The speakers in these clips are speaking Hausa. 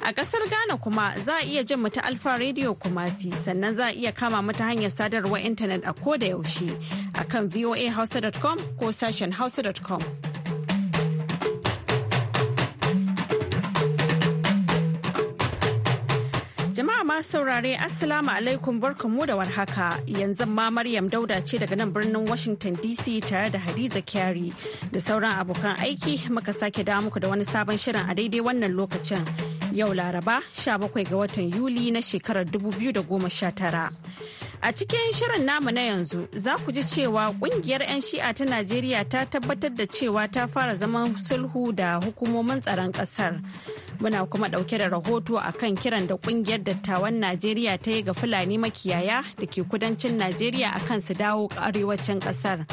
A ƙasar Ghana kuma za a iya jin mu ta Alfa Radio Kumasi sannan za a iya kama mata hanyar sadarwar intanet a ko da yaushe a kan voahausa.com ko sashen hausa.com. Jama'a ma saurare Assalamu alaikum barkanmu da warhaka yanzu ma Maryam Dauda ce daga nan birnin Washington DC tare da Hadiza Kyari da sauran abokan aiki muka sake dawo muku da wani sabon shirin a daidai wannan lokacin. yau Laraba 17 ga watan Yuli na shekarar 2019. A cikin shirin namu na yanzu za ku ji cewa kungiyar 'yan shi'a ta Najeriya ta tabbatar da cewa ta fara zaman sulhu da hukumomin tsaron ƙasar. Muna kuma ɗauke da rahoto a kan kiran da kungiyar dattawan Najeriya ta yi ga Fulani makiyaya da ke kudancin Najeriya a kan su dawo arewacin ƙasar.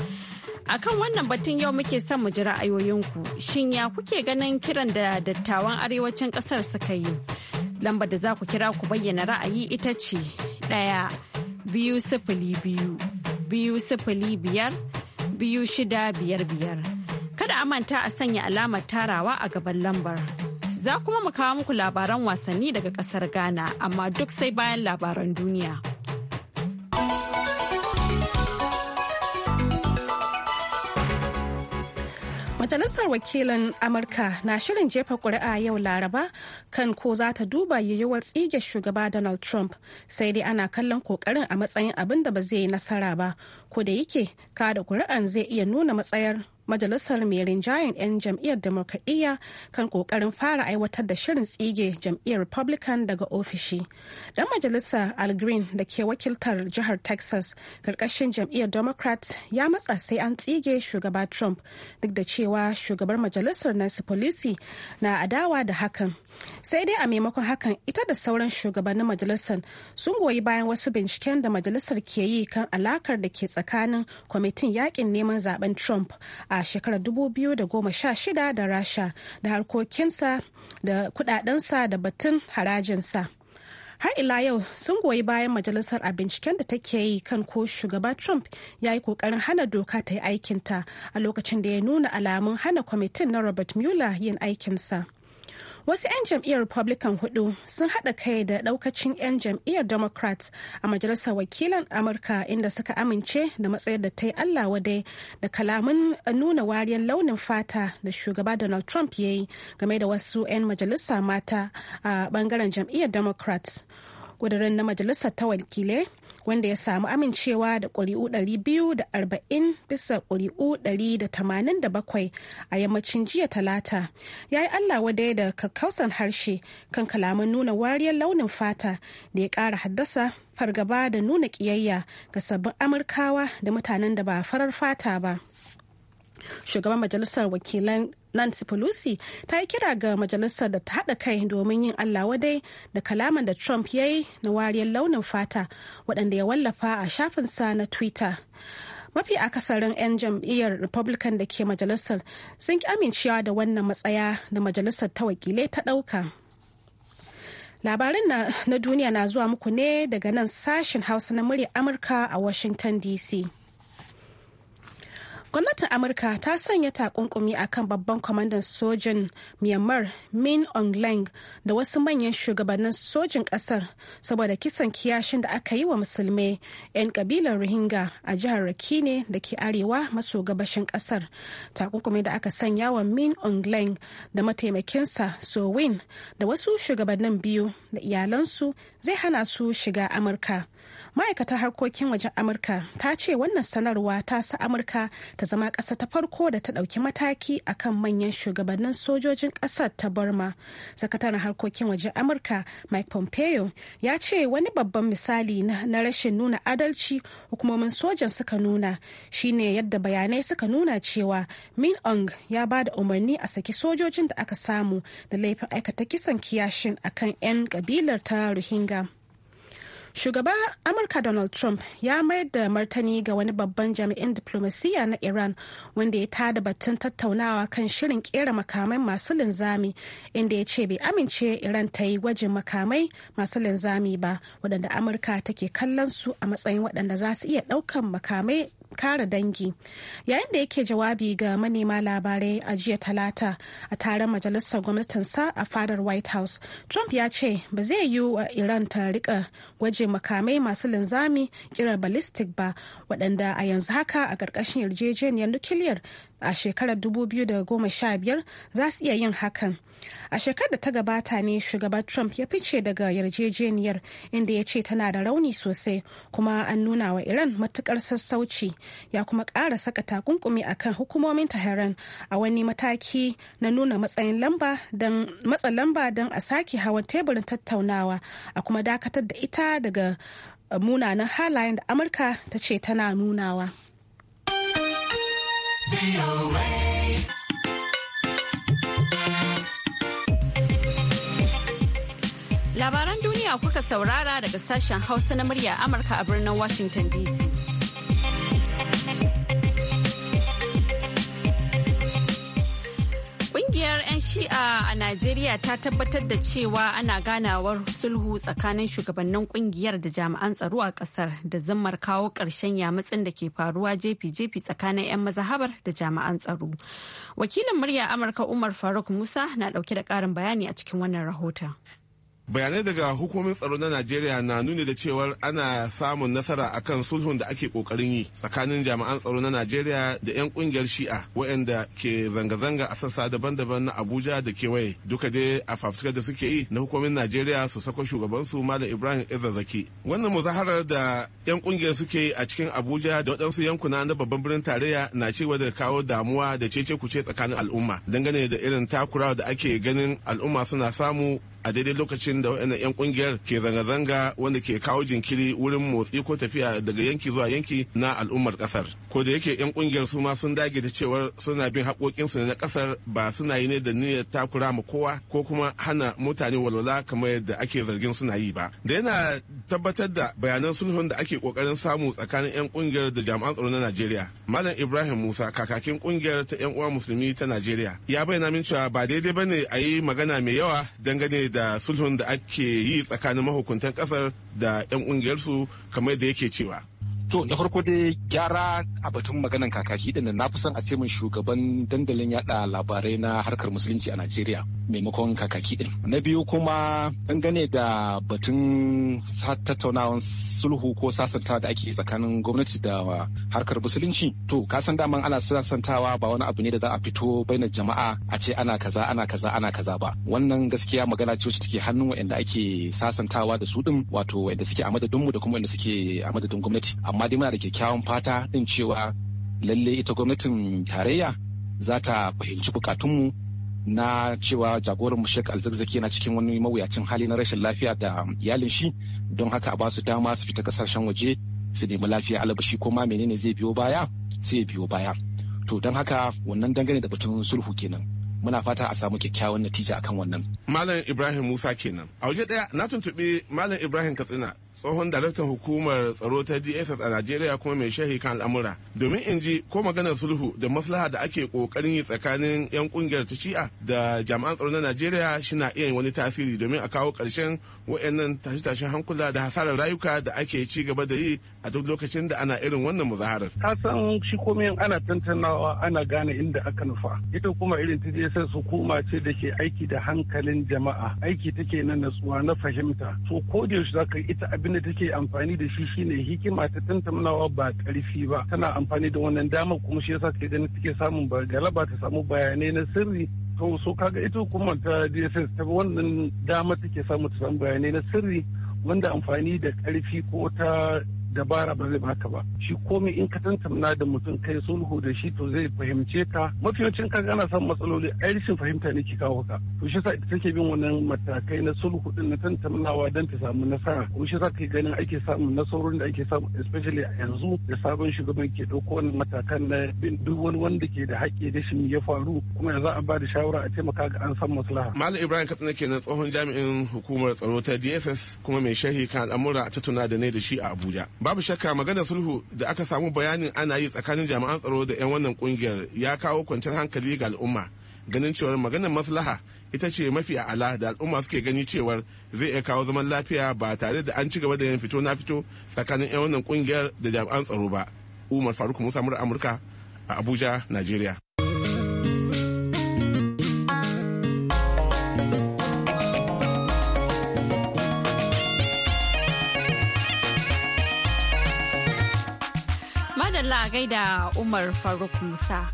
akan wannan batun yau muke son mu ji ra'ayoyinku shin ya kuke ganin kiran da dattawan arewacin kasar suka yi lambar da za ku kira ku bayyana ra'ayi ita ce ɗaya biyu sifili biyu biyu sifili biyar biyu shida biyar biyar kada a manta a sanya alamar tarawa a gaban lambar za kuma mu kawo muku labaran wasanni daga ƙasar ghana amma duk sai bayan labaran duniya. Majalisar wakilin Amurka na shirin jefa ƙuri'a yau Laraba kan ko za ta duba yiwuwar tsige shugaba Donald Trump sai dai ana kallon ƙoƙarin a matsayin abin da ba zai yi nasara ba, ko da yake kada ƙuri'an zai iya nuna matsayar majalisar mai rinjayen 'yan jam'iyyar demokradiyya kan kokarin fara aiwatar da shirin tsige jam'iyyar republican daga ofishi dan majalisa al green da ke wakiltar jihar texas karkashin jam'iyyar democrat ya matsa sai an tsige shugaba trump duk da cewa shugabar majalisar nancy pelosi na adawa da hakan sai dai a maimakon hakan ita da sauran shugabannin majalisar sun goyi bayan wasu binciken da majalisar ke yi kan alakar da ke tsakanin kwamitin yakin neman zaben trump a shekarar 2016 da rasha da harkokinsa da kudadensa da batun harajinsa har ila yau sun goyi bayan majalisar a binciken da take yi kan ko shugaba trump ya yi kokarin hana doka ta yi aikinta a lokacin da ya nuna alamun hana kwamitin na robert mueller yin aikinsa Wasu 'yan jam'iyyar Republican hudu sun haɗa kai da ɗaukacin 'yan jam'iyyar Democrat a Majalisar Wakilan Amurka inda suka amince da matsayar da ta yi Allah wadai da kalamin nuna wariyar launin fata da shugaba Donald Trump ya yi game da wasu 'yan majalisa mata a bangaren jam'iyyar Democrat. Ƙudurin na majalisar ta wakilai wanda ya samu amincewa da ƙuri'u 240 bisa ƙuri'u 187 a yammacin jiya talata ya yi allah wadai da kakkausan harshe kan kalaman nuna wariyar launin fata da ya ƙara haddasa fargaba da nuna ƙiyayya ga sabbin amurkawa da mutanen da ba farar fata ba shugaban majalisar wakilan Nancy Pelosi ta yi kira ga majalisar da ta haɗa kai domin yin Allah wadai da kalaman da Trump ya yi na wariyar launin fata waɗanda ya wallafa a shafinsa na Twitter. Mafi akasarin 'yan jam'iyyar Republican da ke majalisar sun ki amincewa da wannan matsaya da majalisar ta wakilai ta ɗauka. Labarin na duniya na zuwa muku ne daga nan sashen Hausa na murya Amurka a Washington DC. gwamnatin amurka ta sanya takunkumi a kan babban kwamandan sojin myanmar min on da wasu manyan shugabannin sojin kasar saboda kisan kiyashin da aka yi wa musulmai 'yan kabilar rohingya a jihar rakine da ke arewa maso gabashin kasar takunkumi da aka sanya wa min on da mataimakinsa sowin da wasu shugabannin biyu da iyalansu zai hana su shiga amurka ma'aikatar harkokin wajen amurka ta ce wannan sanarwa ta sa amurka ta zama ƙasa ta farko da ta ɗauki mataki akan manyan shugabannin sojojin ƙasar ta burma sakataren harkokin wajen amurka mike pompeo ya ce wani babban misali na rashin nuna adalci hukumomin sojan suka nuna shine yadda bayanai suka nuna cewa min ong ya ba da umarni a saki sojojin da aka samu da laifin aikata kisan kiyashin akan 'yan kabilar ta rohingya Shugaba Amurka Donald Trump ya mayar da martani ga wani babban jami'in diplomasiya na Iran wanda ya tada batun tattaunawa kan shirin kera makamai masu linzami inda ya ce bai amince Iran ta yi gwajin makamai masu linzami ba waɗanda Amurka take kallon su a matsayin waɗanda za su iya ɗaukan makamai kara dangi yayin da yake jawabi ga manema labarai a jiya talata a taron majalisar gwamnatinsa a fadar white house trump ya ce ba zai yi wa iran ta rika gwaje makamai masu linzami kiran ballistic ba waɗanda a yanzu haka a ƙarƙashin yarjejeniyar nukiliyar a shekarar 2015 za su iya yin hakan a shekarar da ta gabata ne shugaban trump ya fice daga yarjejeniyar inda ya ce tana da rauni sosai kuma an nuna wa iran matukar sassauci ya kuma ƙara saka takunkumi kan hukumomin Tehran a wani mataki na nuna matsayin lamba don matsa lamba don a sake hawan teburin tattaunawa a kuma dakatar da ita daga eh, munanan halayen da Amurka ta ce tana nunawa. Labaran duniya kuka saurara daga sashen Hausa na murya Amurka a birnin Washington DC. Ƙungiyar 'yan shi'a a Najeriya ta tabbatar da cewa ana ganawar sulhu tsakanin shugabannin ƙungiyar da jami'an tsaro a ƙasar da zammar kawo ƙarshen yamatsin da ke faruwa jefi-jefi tsakanin 'yan mazahabar da jami'an tsaro. Wakilin murya Amurka Umar Faruk Musa na ɗauke da ƙarin bayani a cikin wannan rahoton. bayanai daga hukumomin tsaro na najeriya na nuni da cewar ana samun nasara a kan sulhun da ake kokarin yi tsakanin jami'an tsaro na najeriya da 'yan kungiyar shi'a waɗanda ke zanga-zanga a sassa daban-daban na abuja da kewaye duka dai a fafutukar da suke yi na hukumin najeriya su sako shugabansu malam ibrahim izazaki wannan muzaharar da 'yan kungiyar suke yi a cikin abuja da waɗansu yankuna na babban birnin tarayya na cewa da kawo damuwa da cece kuce tsakanin al'umma dangane da irin takurawa da ake ganin al'umma suna samu a daidai lokacin da waɗannan 'yan kungiyar ke zanga-zanga wanda ke kawo jinkiri wurin motsi ko tafiya daga yanki zuwa yanki na al'ummar kasar ko da yake 'yan kungiyar su ma sun dage da cewar suna bin haƙoƙinsu na kasar ba suna yi ne da niyyar takura ma kowa ko kuma hana mutane walwala kamar yadda ake zargin suna yi ba da yana tabbatar da bayanan sulhun da ake kokarin samu tsakanin 'yan kungiyar da jami'an tsaro na najeriya malam ibrahim musa kakakin kungiyar ta 'yan uwa musulmi ta najeriya ya bayyana min cewa ba daidai bane a yi magana mai yawa dangane da sulhun da ake yi tsakanin mahukuntan kasar da 'yan kungiyarsu kamar da yake cewa To na farko dai gyara a batun maganan kakaki din na fi son a ce min shugaban dandalin yada labarai na harkar musulunci a Najeriya maimakon kakaki din. Na biyu kuma dangane da batun tattaunawan sulhu ko sasanta da ake tsakanin gwamnati da harkar musulunci. To kasan daman ana sasantawa ba wani abu ne da za a fito bainar jama'a a ce ana kaza ana kaza ana kaza ba. Wannan gaskiya magana ce wacce take hannun waɗanda ake sasantawa da su din wato waɗanda suke a madadinmu da kuma waɗanda suke a madadin gwamnati. amma dai muna da kyakkyawan fata din cewa lalle ita gwamnatin tarayya za ta fahimci bukatunmu na cewa jagoran mushek Sheikh Alzakzaki na cikin wani mawuyacin hali na rashin lafiya da iyalin shi don haka a basu dama su fita kasashen waje su nemi lafiya alabashi ko ma menene zai biyo baya sai biyo baya to don haka wannan dangane da batun sulhu kenan muna fata a samu kyakkyawan natija akan wannan. Malam Ibrahim Musa kenan. A waje daya na tuntuɓi Malam Ibrahim Katsina tsohon daraktan hukumar tsaro ta dss a najeriya kuma mai shahi kan al'amura domin in ji ko maganar sulhu da maslaha da ake kokarin yi tsakanin yan kungiyar ta shi'a da jami'an tsaro na najeriya shina iya wani tasiri domin a kawo karshen wa'annan tashe-tashen hankula da hasarar rayuka da ake ci gaba da yi a duk lokacin da ana irin wannan muzaharar ka san shi komai ana tantanawa ana gane inda aka nufa ita kuma irin ta dss hukuma ce da ke aiki da hankalin jama'a aiki take na natsuwa na fahimta to ko da yaushe za zaka ita abin da take amfani da shi shine hikima ta tantamnawa ba karfi ba tana amfani da wannan damar kuma shi yasa take ganin take samun galaba ta samu bayanai na sirri to so kaga ita kuma ta DSS ta wannan dama take samu ta samu bayanai na sirri wanda amfani da karfi ko ta dabara ba zai baka ba shi komai in ka tantamna da mutum kai sulhu da shi to zai fahimce ka mafi yawancin ka ana son matsaloli ai rashin fahimta ne ke kawo ka to shi sa ita take bin wannan matakai na sulhu din na tantamnawa don ta samu nasara ko shi sa kai ganin ake samun nasarorin da ake samu especially a yanzu da sabon shugaban ke dauko wannan matakan na bin duk wani wanda ke da haƙƙi da shi ya faru kuma yanzu za ba da shawara a taimaka ga an san maslaha. Malam Ibrahim Katsina kenan tsohon jami'in hukumar tsaro ta DSS kuma mai sharhi kan al'amura a tattauna da ne da shi a Abuja. babu shakka magana sulhu da aka samu bayanin ana yi tsakanin jami'an tsaro da 'yan wannan kungiyar ya kawo kwanciyar hankali ga al'umma ganin cewar maganar maslaha ita ce mafi a'ala da al'umma suke gani cewar zai iya kawo zaman lafiya ba tare da an ci gaba da yin fito na fito tsakanin 'yan wannan kungiyar da jami'an tsaro ba umar faruk musa amurka a abuja nigeria gaida Umar Faruk Musa.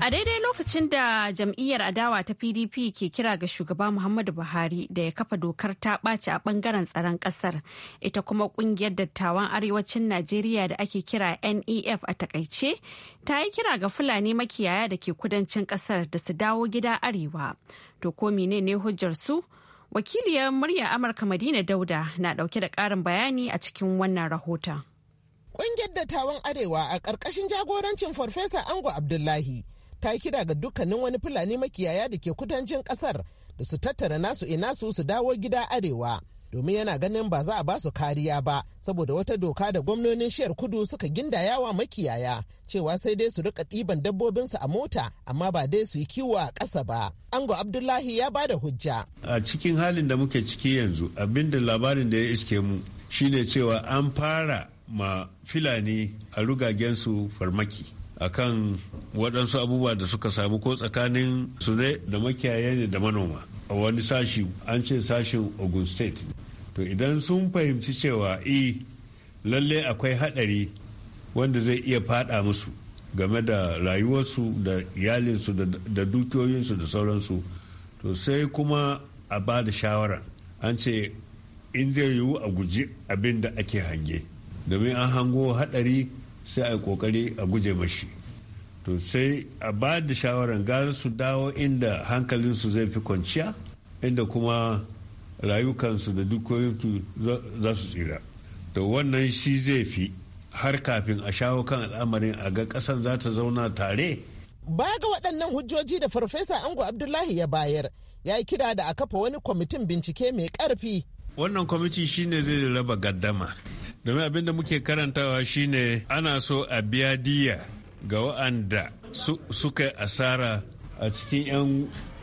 A daidai lokacin da jam'iyyar adawa ta PDP ke kira ga shugaba Muhammadu Buhari da ya kafa dokar ta ɓaci a ɓangaren tsaron ƙasar, ita kuma ƙungiyar dattawan arewacin Najeriya da ake kira NEF a takaice, ta yi kira ga Fulani makiyaya da ke kudancin ƙasar da su dawo gida arewa. To ko ne hujjar su? Wakiliyar murya Amurka Madina Dauda na ɗauke da ƙarin bayani a cikin wannan rahoton. Ƙungiyar dattawan Arewa a ƙarƙashin jagorancin Farfesa Ango Abdullahi ta kira ga dukkanin wani Fulani makiyaya da ke kudancin ƙasar da su tattara nasu ina su su dawo gida Arewa. Domin yana ganin ba za a ba su kariya ba saboda wata doka da gwamnonin shiyar kudu suka gindaya wa makiyaya cewa sai dai su rika ɗiban dabbobinsu a mota amma ba dai su yi kiwo a ƙasa ba. Ango Abdullahi ya ba da hujja. A cikin halin da muke ciki yanzu abinda labarin da ya iske mu shine cewa an fara ma filani a rugagensu farmaki a kan waɗansu abubuwa da suka samu ko tsakanin su ne da makiyaya ne da manoma a wani sashi an ce sashin ogun state to idan sun fahimci cewa e lalle akwai haɗari wanda zai iya faɗa musu game da rayuwarsu da iyalinsu da dukiyoyinsu da sauransu to sai kuma a ba da shawara an ce in zai yiwu a guji abin da ake hange domin an hango haɗari sai a yi ƙoƙari a guje mashi to sai a ba da shawarar gara su dawo inda hankalinsu zai fi kwanciya inda kuma rayukansu da dukiyoyinsu za su tsira to wannan shi zai fi har kafin a shawo kan al'amarin a ga kasan za ta zauna tare baya ga waɗannan hujjoji da farfesa ango abdullahi ya bayar ya yi kira da a kafa wani kwamitin bincike mai ƙarfi wannan kwamiti shine zai raba gaddama domin abin da muke karantawa shine ana so a biya diya ga wa'anda suka asara a cikin 'yan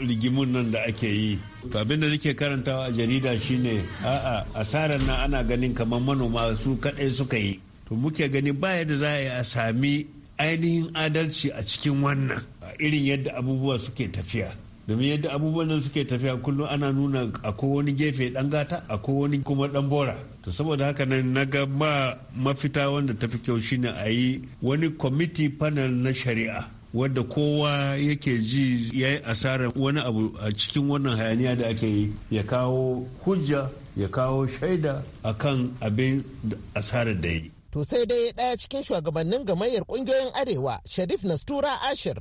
rigimun nan da ake yi to abin da nake karantawa a jarida shine a'a asarar nan ana ganin kamar manoma su kadai suka yi to muke gani ba yadda za a yi a sami ainihin adalci a cikin wannan irin yadda abubuwa suke tafiya domin yadda abubuwan nan suke tafiya kullum ana nuna a wani gefe dan gata a wani kuma dan bora to saboda haka nan na ga ma mafita wanda ta fi kyau shine a yi wani kwamiti panel na shari'a wadda kowa yake ji ya yi asarar wani abu a cikin wannan hayaniya da ake yi ya kawo hujja ya kawo shaida a kan abin asarar da yi to sai dai daya cikin shugabannin gamayyar kungiyoyin arewa sharif nastura ashir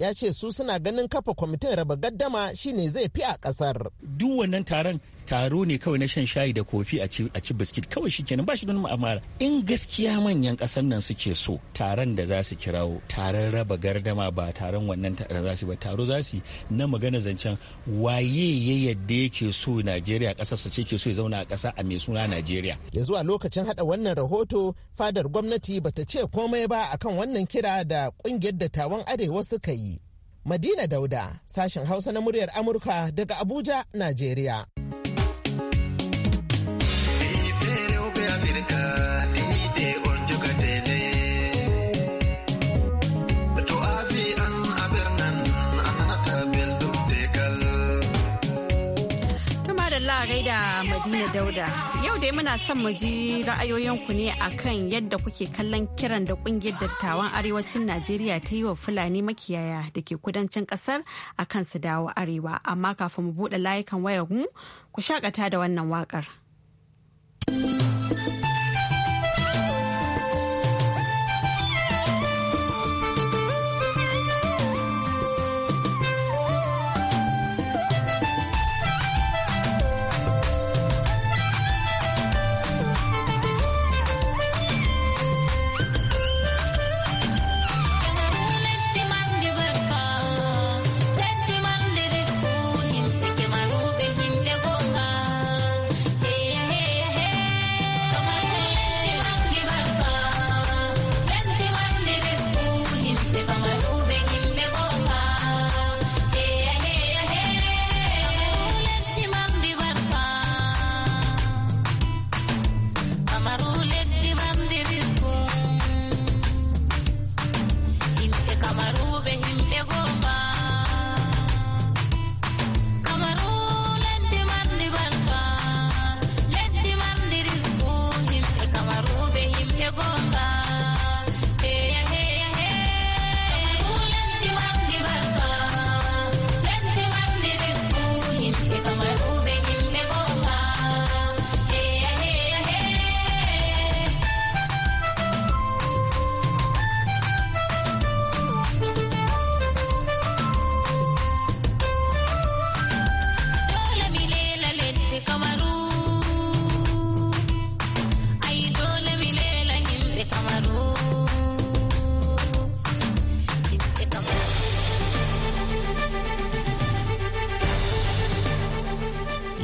ya ce su suna ganin kafa kwamitin raba gaddama shine zai fi a kasar. Duk wannan taron taro ne kawai na shan shayi da kofi a ci biskit kawai shi kenan ba shi don ma'amara in gaskiya manyan ƙasar nan suke so taron da za su kirawo taron raba gardama ba taron wannan taron za su ba taro za su na magana zancen waye ya yadda yake so najeriya ƙasarsa ce ke so ya zauna a ƙasa a mai suna najeriya ya zuwa lokacin hada wannan rahoto fadar gwamnati ba ta ce komai ba akan wannan kira da ƙungiyar dattawan arewa suka yi Madina Dauda, sashen Hausa na muryar Amurka daga Abuja, Najeriya. da Madina Dauda. Yau dai muna son mu ji ra'ayoyinku ne akan yadda kuke kallon kiran da kungiyar dattawan arewacin Najeriya ta yi wa Fulani makiyaya da ke kudancin kasar a kan su dawo arewa. Amma kafin mu buɗe layukan wayar mu ku shakata da wannan waƙar.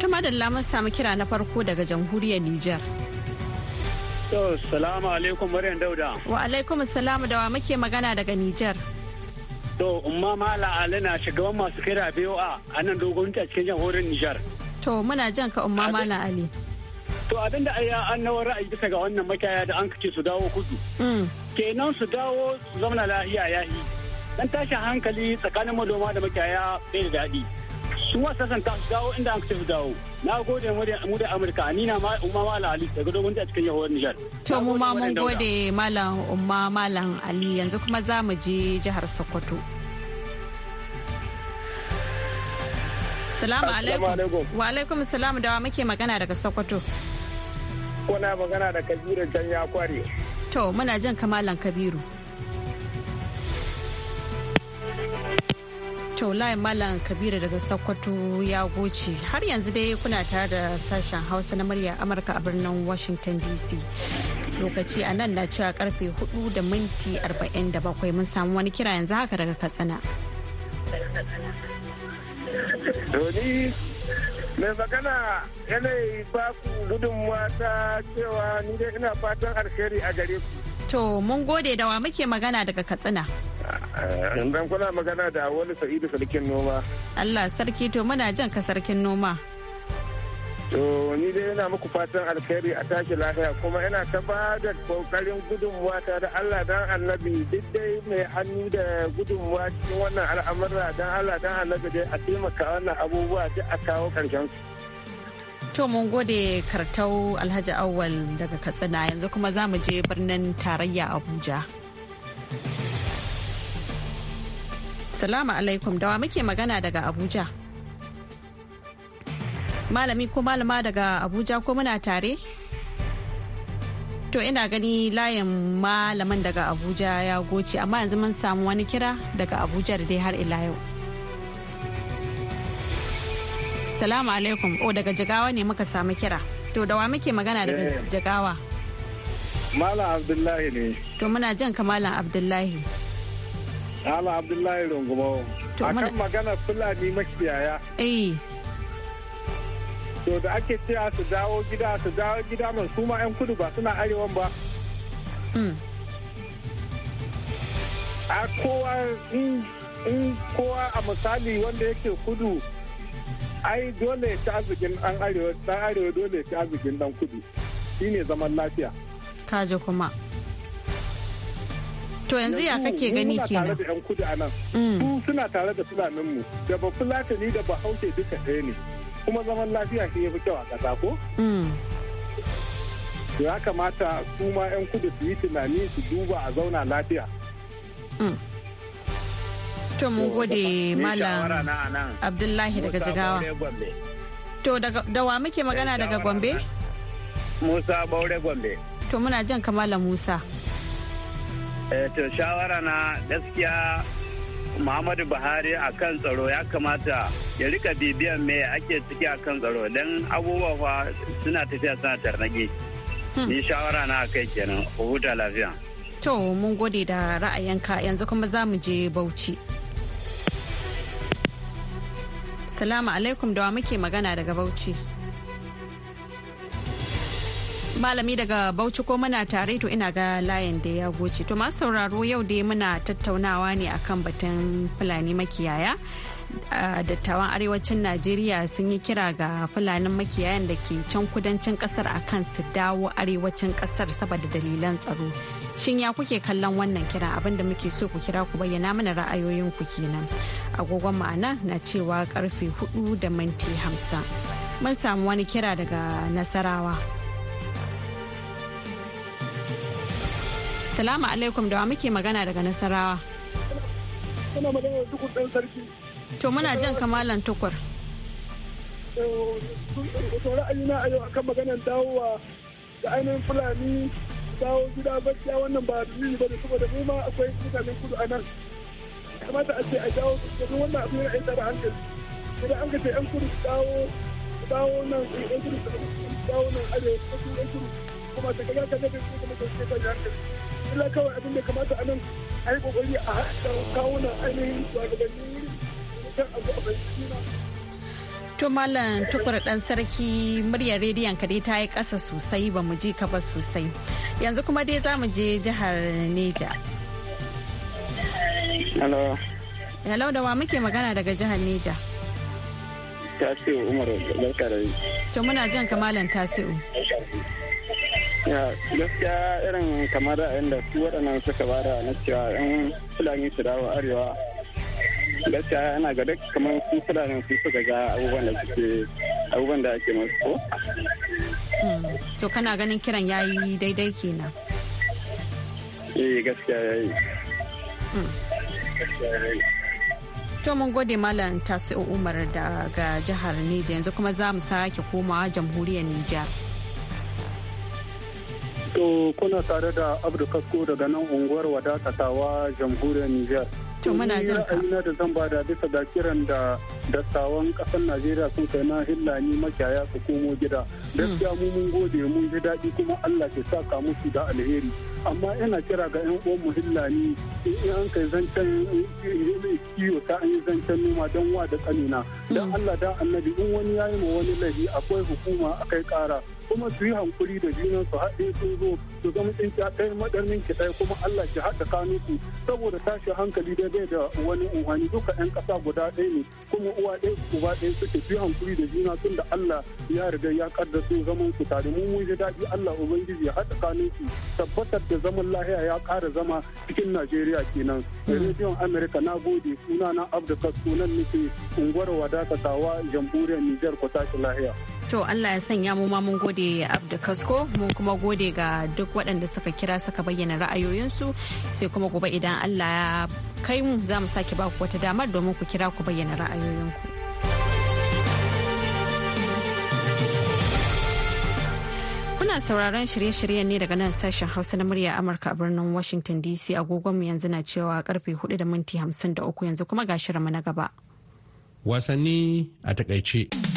Tuma da lamun samu kira na farko daga jamhuriyar Nijar. To, salamu alaikum Maryam Dauda. Wa alaikum salamu da wa muke magana daga Nijar. To, umma mala alina shugaban masu kira biyo a nan dogon ta cikin jamhuriyar Nijar. To, muna jan ka umma mala ali. To, abin da aya an nawar ra'ayi bisa ga wannan makiyaya da an kace su dawo kudu. Mm. Kenan su dawo su zamana lahiya yahi. Dan tashin hankali tsakanin manoma da makiyaya bai da daɗi. su wasan ta dawo inda an tafi dawo na gode mu da amurka ni na umma malam ali daga dogon a cikin yawon nijar to mu ma mun gode malam umma malam ali yanzu kuma za mu je jihar sokoto salamu alaikum wa alaikum salamu dawa muke magana daga sokoto kuna magana da kabiru can ya to muna jin kamalan kabiru to layin malam kabiru daga sokoto ya goce har yanzu dai kuna tare da sashen hausa na murya amurka a birnin washington dc lokaci a nan na cewa karfe 4 da minti 47 mun samu wani kira yanzu haka daga katsina Doni, mai magana yanayi ba ku gudun ta cewa ni dai ina fatan alheri a gare ku. To, mun gode da wa muke magana daga Katsina. Dan eh, kuna magana da wani sa'idu sarkin noma. Allah sarki to muna jan ka sarkin noma. To ni dai yana muku fatan alkhairi a tashi lafiya kuma yana ta ba da kokarin gudunmuwa ta da Allah dan annabi duk dai mai hannu da gudunmuwa cikin wannan al'amura dan Allah dan annabi dai a taimaka wannan abubuwa duk a kawo karshen su. To mun gode kartau Alhaji Awal daga Katsina yanzu kuma za mu je birnin tarayya Abuja. Assalamu alaikum dawa muke magana daga Abuja. Malami ko malama daga Abuja ko muna tare? To ina gani layin malaman daga Abuja ya goce amma yanzu mun samu wani kira daga Abuja da dai har ila yau. Salamu alaikum. O oh, daga Jigawa ne muka samu kira. To da wa muke magana daga eh. Jigawa? Malam Abdullahi ne. To muna jan ka Malam Abdullahi. Allah Abdullahi Rungumawo. A kan magana Fulani makiyaya. Eh. To da ake cewa su dawo gida su dawo gida man su ma 'yan kudu ba suna arewan ba. Hmm. A kowa in kowa a misali wanda yake kudu ai dole ya ci arzikin dan arewa dole ya ci arzikin dan kudu shine zaman lafiya. Kaje kuma. To yanzu ya kake gani kenan. Muna tare da 'yan kudu a nan. Mm. Su suna tare da mu. Da ba Fulatani da ba Hauke duka ɗaya ne. Kuma zaman lafiya shi yafi kyau a ƙasa ko? Mm. Ya kamata su ma 'yan kudu su yi tunani su duba a zauna lafiya. Mm. To mun gode Malam Abdullahi daga Jigawa. To da wa muke magana eh, daga Gombe? Musa Baure Gombe. To muna jan kamala Musa. Eh, to shawara na gaskiya Muhammadu Buhari a kan tsaro ya kamata ya rika bibiyan me ake ciki a kan tsaro don abubuwa suna tafiya suna tarnage. Hmm. Ni shawara na kai kenan, huta lafiya. To, mun gode da ra'ayinka yanzu kuma za mu je Bauchi. Salamu alaikum da wa muke magana daga Bauchi. malami daga bauchi ko muna tare to ina ga layin da ya goce to masu sauraro yau dai muna tattaunawa ne akan batun fulani makiyaya dattawan arewacin najeriya sun yi kira ga fulanin makiyayan da ke can kudancin kasar akan su dawo arewacin kasar saboda dalilan tsaro shin ya kuke kallon wannan kiran abinda muke so ku kira ku bayyana mana ra'ayoyin ku kenan agogon ma'ana na cewa karfe 4 da minti 50 mun samu wani kira daga nasarawa Assalamu alaikum da wa muke magana daga Nasarawa. Kuna magana da dukkan ɗan sarki. To muna jan kamalan tukur. To ra'ayina a yau akan dawowa da ainihin Fulani dawo gida gaskiya wannan ba da ba da saboda mu ma akwai mutanen kudu a nan. Kamata a ce a dawo domin wannan abin ya da hankali. Idan an kace 'yan kudu dawo dawo nan eh, 'yan kudu dawo nan arewa 'yan kudu kuma ta kaga ta ga ta kuma ta ce ta hankali. illa kawai abin da kamata a nan a yi kokari a haɗa kawo na ainihin shugabanni kan abu a bayyana. To Malam tukur ɗan sarki muryar rediyon ka dai ta yi ƙasa sosai ba mu ji ka ba sosai. Yanzu kuma dai za mu je jihar Neja. Hello. Hello da wa muke magana daga jihar Neja. Tasiu Umar barka da To muna jan ka malam Tasiu. gaskiya irin kamar ra'ayin da su waɗannan suka bada na cewa yan fulani su dawo arewa gaskiya yana ga duk kamar su fulani su suka ga abubuwan da suke abubuwan da ake masu ko. Hmm. to kana ganin kiran yayi daidai kenan. eh gaskiya yayi. Hmm. To mun gode Malam tasi Umar daga jihar Nijar yanzu kuma za mu sake komawa jamhuriyar Nijar. To kuna tare da Abdu Kasko daga nan unguwar wadatatawa jamhuriyar Nijar. To muna jinka. Ina da zan ba bada bisa ga kiran da dattawan kasar Najeriya sun kai na hillani makiyaya su komo gida. Gaskiya mu mun gode mun ji daɗi kuma Allah ke saka musu da alheri. Amma ina kira ga 'yan uwan mu hillani in an kai zancen kiwo ta an yi zancen noma don wa da kanina. Don mm. Allah da annabi in wani ya yi ma wani laifi akwai hukuma akai ƙara. kuma su yi hankuri da junan su haɗe sun zo su zama in ta kai madarmin ki kuma Allah ki haɗa kanu ku saboda tashi hankali da bai da wani unhani duka 'yan ƙasa guda ɗaya ne kuma uwa ɗaya uba ɗaya suke su yi hankuri da juna tun da Allah ya riga ya su zaman su tare mu mun ji daɗi Allah ubangiji ya haɗa kanu su tabbatar da zaman lahiya ya ƙara zama cikin Najeriya kenan. Rediyon Amerika na gode sunana Abdul Kasko nan nake unguwar wadatatawa jamhuriyar Nijar ku tashi lahiya. To Allah ya sanya mu ma mun gode Abdu Kasko mun kuma gode ga duk waɗanda suka kira suka bayyana ra'ayoyinsu sai kuma gobe idan Allah ya kai mu za mu sake baku wata damar domin ku kira ku bayyana ra'ayoyinku. Kuna sauraron shirye-shiryen ne daga nan sashen Hausa na murya Amurka a birnin Washington DC agogonmu yanzu na cewa karfe hudu da minti da uku yanzu kuma ga shirinmu na gaba. Wasanni a takaice.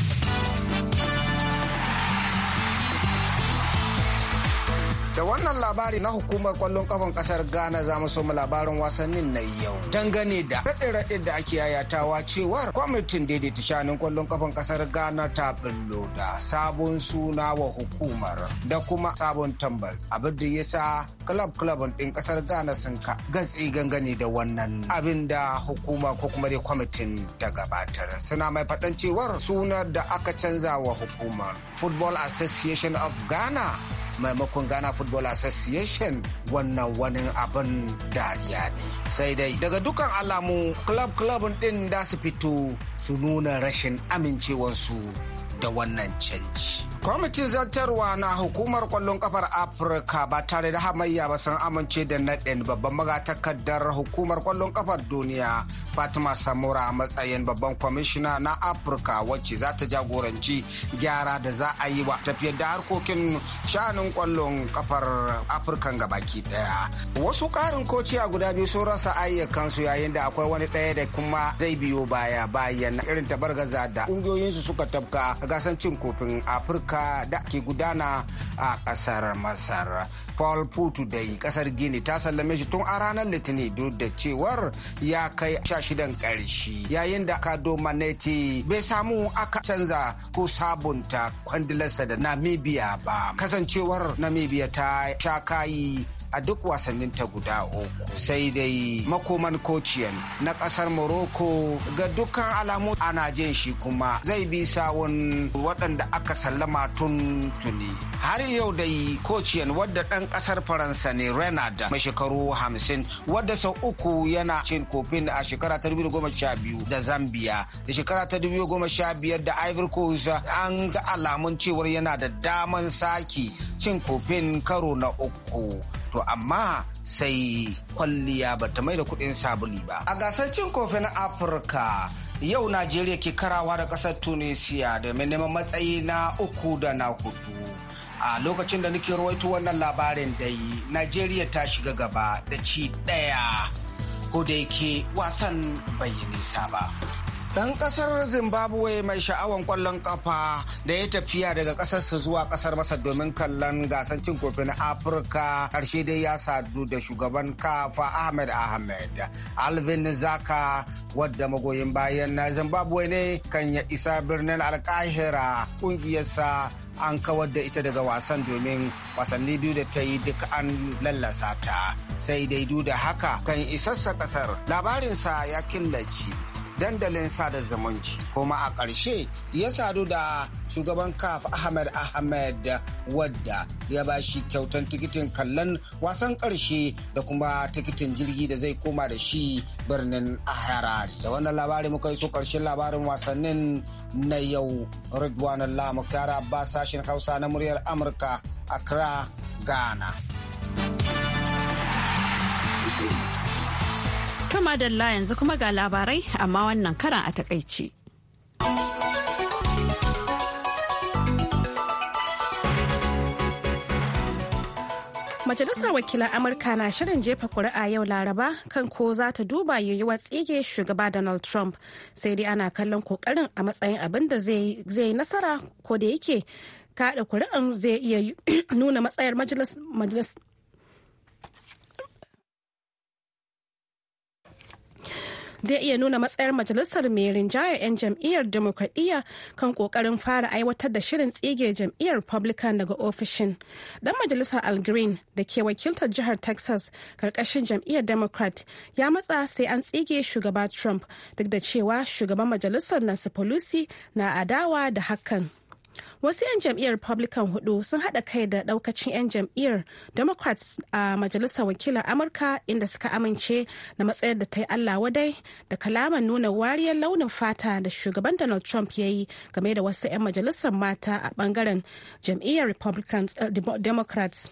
Da wannan labari na hukumar kwallon kafan kasar Ghana za mu mu labarin wasannin na yau. Dangane da raɗe-raɗe da ake yayatawa cewar kwamitin daidaita shanin kwallon kafan kasar Ghana ta billo da sabon suna wa hukumar da kuma sabon tambal. Abin da ya sa club club ɗin kasar Ghana sun ka gatsi gangane da wannan abin da hukuma ko kuma dai kwamitin ta gabatar. Suna mai faɗan cewar sunar da aka canza wa hukumar Football Association of Ghana maimakon ghana football association wannan wani abin dariya ne sai dai daga dukan alamu club club din da su fito su nuna rashin amincewansu da wannan canji. kwamitin zartarwa na hukumar kwallon kafar afirka ba tare da hamayya ba san amince da naɗin babban magatakardar hukumar kwallon kafar duniya fatima samura a matsayin babban kwamishina na afirka wacce za ta jagoranci gyara da za a yi wa tafiyar da harkokin sha'anin kwallon kafar afirka gabaki daya wasu ƙarin a guda biyu sun rasa ayyukansu yayin da akwai wani ɗaya da kuma zai biyo baya bayan irin tabargaza da ƙungiyoyinsu suka tafka gasar cin kofin afirka da ke gudana a kasar masar paul putu dai kasar gini ta sallame shi tun a ranar litinin duk da cewar ya kai shidan karshe yayin da kado maneti bai samu aka canza ko sabunta kwandilarsa da namibia ba kasancewar namibia ta sha kayi a duk wasannin ta guda uku sai dai makoman kociyan na kasar morocco ga dukkan alamu ana jin shi kuma zai bi sawun waɗanda aka sallama tun tuni har yau dai kociyan wadda ɗan ƙasar faransa ne renard mai shekaru hamsin wadda sau uku yana cin kofin a shekara ta biyu da zambia da shekara ta biyar da ivory coast an ga alamun cewar yana da daman saki, cin kofin karo na uku to amma sai kwalliya ba ta mai da kuɗin sabuli ba. A gasar cin Kofi na Afirka yau Najeriya ke karawa da ƙasar Tunisia domin neman matsayi na uku da na hudu. a lokacin da nake rawaito wannan labarin da najeriya ta shiga gaba da ci ɗaya ko da yake wasan bai nisa ba Dan kasar Zimbabwe mai sha'awan kwallon kafa da ya tafiya daga kasarsa zuwa kasar masa domin kallon gasar cin kofin Afirka karshe dai ya sadu da shugaban kafa Ahmed Ahmed. Alvin Zaka wadda magoyin bayan na Zimbabwe ne kan ya isa birnin Alkahira kungiyarsa an kawar da ita daga wasan domin wasanni biyu da ta yi duk an lallasa ta. Sai dai da haka kan isassa kasar labarinsa ya killace. dandalin sada zumunci kuma a ƙarshe ya sadu da shugaban kaf ahmed ahmed wadda ya ba shi kyautan tikitin kallon wasan ƙarshe da kuma tikitin jirgi da zai koma da shi birnin a harare da wannan labari muka yi so ƙarshen labarin wasannin na yau ridwan allah kara ba sashen hausa na muryar amurka accra ghana kama Dalla yanzu kuma ga labarai amma wannan karan a takaici. Majalisar wakilan Amurka na shirin jefa kuri'a yau Laraba kan ko za ta duba yiwuwar tsige shugaba Donald Trump sai dai ana kallon kokarin a matsayin abin da zai nasara ko da yake kada kuri'an zai iya nuna matsayar majalis zai iya nuna matsayar majalisar mai rinjayar 'yan jam'iyyar demokradiyya kan kokarin fara aiwatar da shirin tsige jam'iyyar republican daga ofishin dan majalisar al green da ke wakiltar jihar texas karkashin jam'iyyar democrat ya matsa sai an tsige shugaba trump duk da cewa shugaban majalisar nancy pelosi na adawa da hakan Wasu 'yan jam'iyyar Republican hudu sun hada kai da daukacin 'yan jam'iyyar Democrats a Majalisar Wakilan Amurka inda suka amince na matsayar da ta yi Allah wadai da kalaman nuna wariyar launin fata da shugaban Donald Trump ya yi game da wasu 'yan majalisar mata a bangaren jam'iyyar Republicans eh, Democrats.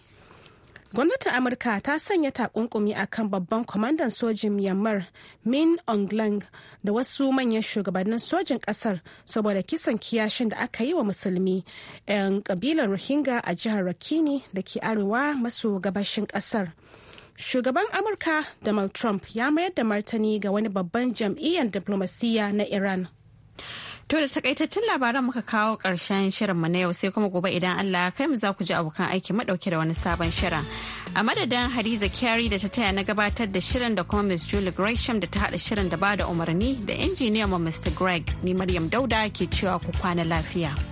Gwamnatin Amurka ta sanya takunkumi a kan babban kwamandan sojin Myanmar Min Aung da wasu manyan shugabannin sojin kasar saboda kisan kiyashin da aka yi wa musulmi 'yan kabilar Rohingya a jihar Rakhine da ke arewa maso gabashin kasar. Shugaban Amurka Donald Trump ya mayar da martani ga wani babban jam'iyyar diplomasiyya na Iran. To da takaitaccen labaran muka kawo ƙarshen mu na yau sai kuma gobe idan Allah kai mu za ku ji abokan aiki madauke da wani sabon shirin. A madadin Hadiza Kyari da ta taya na gabatar da shirin da kuma Miss Julie Gresham da ta haɗa shirin da ba da umarni da injiniyan mu Mr. Greg ni Maryam Dauda ke cewa ku kwana lafiya.